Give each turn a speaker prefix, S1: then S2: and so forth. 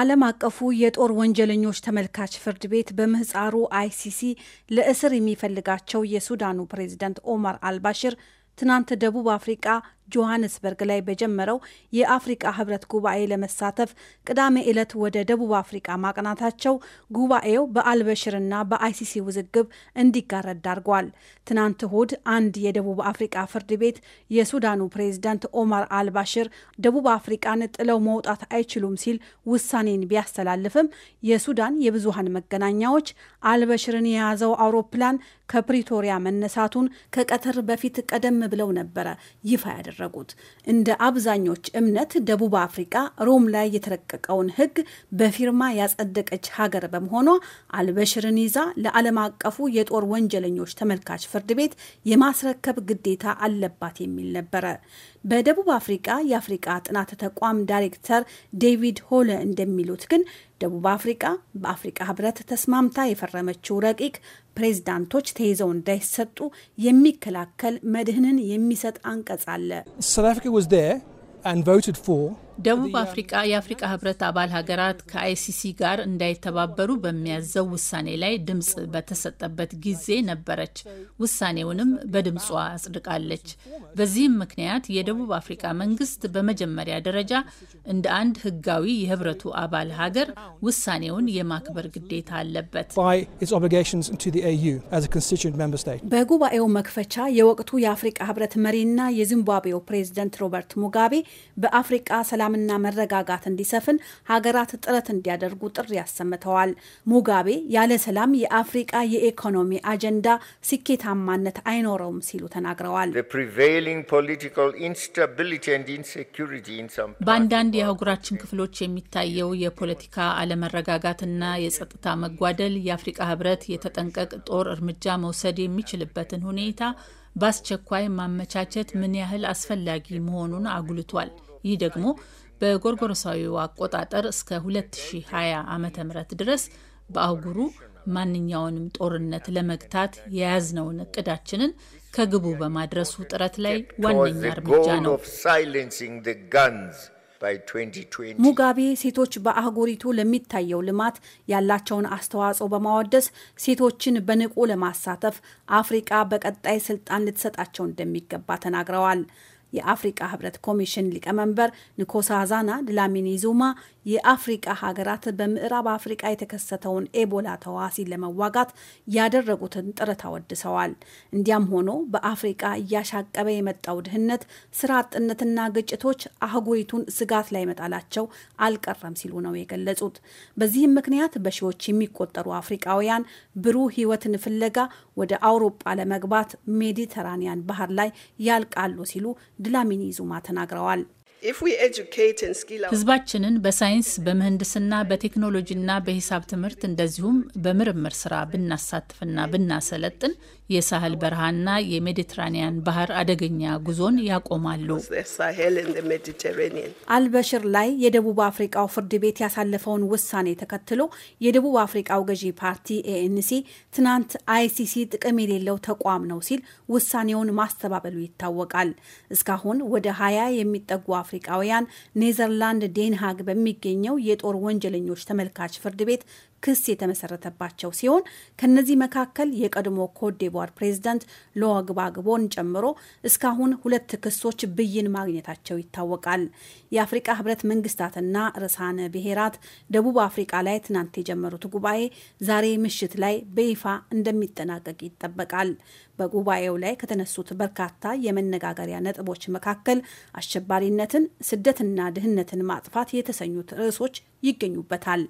S1: ዓለም አቀፉ የጦር ወንጀለኞች ተመልካች ፍርድ ቤት በምህፃሩ አይሲሲ ለእስር የሚፈልጋቸው የሱዳኑ ፕሬዝዳንት ኦማር አልባሽር ትናንት ደቡብ አፍሪቃ ጆሃንስበርግ ላይ በጀመረው የአፍሪቃ ህብረት ጉባኤ ለመሳተፍ ቅዳሜ ዕለት ወደ ደቡብ አፍሪቃ ማቅናታቸው ጉባኤው በአልበሽርና በአይሲሲ ውዝግብ እንዲጋረድ ዳርጓል። ትናንት እሁድ አንድ የደቡብ አፍሪቃ ፍርድ ቤት የሱዳኑ ፕሬዝዳንት ኦማር አልባሽር ደቡብ አፍሪቃን ጥለው መውጣት አይችሉም ሲል ውሳኔን ቢያስተላልፍም የሱዳን የብዙሃን መገናኛዎች አልበሽርን የያዘው አውሮፕላን ከፕሪቶሪያ መነሳቱን ከቀትር በፊት ቀደም ብለው ነበረ ይፋ ያደርጉ ያደረጉት። እንደ አብዛኞች እምነት ደቡብ አፍሪቃ ሮም ላይ የተረቀቀውን ሕግ በፊርማ ያጸደቀች ሀገር በመሆኗ አልበሽርን ይዛ ለዓለም አቀፉ የጦር ወንጀለኞች ተመልካች ፍርድ ቤት የማስረከብ ግዴታ አለባት የሚል ነበረ። በደቡብ አፍሪቃ የአፍሪቃ ጥናት ተቋም ዳይሬክተር ዴቪድ ሆለ እንደሚሉት ግን ደቡብ አፍሪቃ በአፍሪቃ ህብረት ተስማምታ የፈረመችው ረቂቅ ፕሬዚዳንቶች ተይዘው እንዳይሰጡ የሚከላከል መድህንን የሚሰጥ አንቀጽ አለ
S2: ደቡብ አፍሪቃ የአፍሪቃ ህብረት አባል ሀገራት ከአይሲሲ ጋር እንዳይተባበሩ በሚያዘው ውሳኔ ላይ ድምፅ በተሰጠበት ጊዜ ነበረች። ውሳኔውንም በድምጿ አጽድቃለች። በዚህም ምክንያት የደቡብ አፍሪቃ መንግስት በመጀመሪያ ደረጃ እንደ አንድ ህጋዊ የህብረቱ አባል ሀገር ውሳኔውን የማክበር ግዴታ አለበት።
S1: በጉባኤው መክፈቻ የወቅቱ የአፍሪቃ ህብረት መሪና የዚምባብዌው ፕሬዝደንት ሮበርት ሙጋቤ በአፍሪቃ ሰላም ሰላምና መረጋጋት እንዲሰፍን ሀገራት ጥረት እንዲያደርጉ ጥሪ አሰምተዋል። ሙጋቤ ያለ ሰላም የአፍሪቃ የኢኮኖሚ አጀንዳ ስኬታማነት አይኖረውም ሲሉ ተናግረዋል።
S2: በአንዳንድ የአህጉራችን ክፍሎች የሚታየው የፖለቲካ አለመረጋጋትና የጸጥታ መጓደል የአፍሪቃ ህብረት የተጠንቀቅ ጦር እርምጃ መውሰድ የሚችልበትን ሁኔታ በአስቸኳይ ማመቻቸት ምን ያህል አስፈላጊ መሆኑን አጉልቷል። ይህ ደግሞ በጎርጎሮሳዊው አቆጣጠር እስከ 2020 ዓ ም ድረስ በአህጉሩ ማንኛውንም ጦርነት ለመግታት የያዝነውን እቅዳችንን ከግቡ በማድረሱ ጥረት ላይ ዋነኛ እርምጃ ነው። ሙጋቤ ሴቶች
S1: በአህጉሪቱ ለሚታየው ልማት ያላቸውን አስተዋጽኦ በማወደስ ሴቶችን በንቁ ለማሳተፍ አፍሪቃ በቀጣይ ስልጣን ልትሰጣቸው እንደሚገባ ተናግረዋል። የአፍሪቃ ህብረት ኮሚሽን ሊቀመንበር ንኮሳዛና ድላሚኒ ዙማ የአፍሪቃ ሀገራት በምዕራብ አፍሪቃ የተከሰተውን ኤቦላ ተዋሲ ለመዋጋት ያደረጉትን ጥረት አወድሰዋል። እንዲያም ሆኖ በአፍሪቃ እያሻቀበ የመጣው ድህነት፣ ስራ አጥነትና ግጭቶች አህጉሪቱን ስጋት ላይ መጣላቸው አልቀረም ሲሉ ነው የገለጹት። በዚህም ምክንያት በሺዎች የሚቆጠሩ አፍሪቃውያን ብሩህ ህይወትን ፍለጋ ወደ አውሮፓ ለመግባት ሜዲተራኒያን ባህር ላይ ያልቃሉ ሲሉ ድላሚኒ ዙማ ተናግረዋል።
S2: ህዝባችንን በሳይንስ በምህንድስና በቴክኖሎጂና በሂሳብ ትምህርት እንደዚሁም በምርምር ስራ ብናሳትፍና ብናሰለጥን የሳህል በረሃና የሜዲትራኒያን ባህር አደገኛ ጉዞን ያቆማሉ።
S1: አልበሽር ላይ የደቡብ አፍሪቃው ፍርድ ቤት ያሳለፈውን ውሳኔ ተከትሎ የደቡብ አፍሪቃው ገዢ ፓርቲ ኤኤንሲ ትናንት አይሲሲ ጥቅም የሌለው ተቋም ነው ሲል ውሳኔውን ማስተባበሉ ይታወቃል። እስካሁን ወደ ሀያ የሚጠጉ አፍሪ አፍሪቃውያን ኔዘርላንድ ዴንሃግ በሚገኘው የጦር ወንጀለኞች ተመልካች ፍርድ ቤት ክስ የተመሰረተባቸው ሲሆን ከነዚህ መካከል የቀድሞ ኮትዲቯር ፕሬዝዳንት ሎዋግባግቦን ጨምሮ እስካሁን ሁለት ክሶች ብይን ማግኘታቸው ይታወቃል። የአፍሪቃ ህብረት መንግስታትና ርዕሳነ ብሔራት ደቡብ አፍሪቃ ላይ ትናንት የጀመሩት ጉባኤ ዛሬ ምሽት ላይ በይፋ እንደሚጠናቀቅ ይጠበቃል። በጉባኤው ላይ ከተነሱት በርካታ የመነጋገሪያ ነጥቦች መካከል አሸባሪነትን፣ ስደትና ድህነትን ማጥፋት የተሰኙት ርዕሶች ይገኙበታል።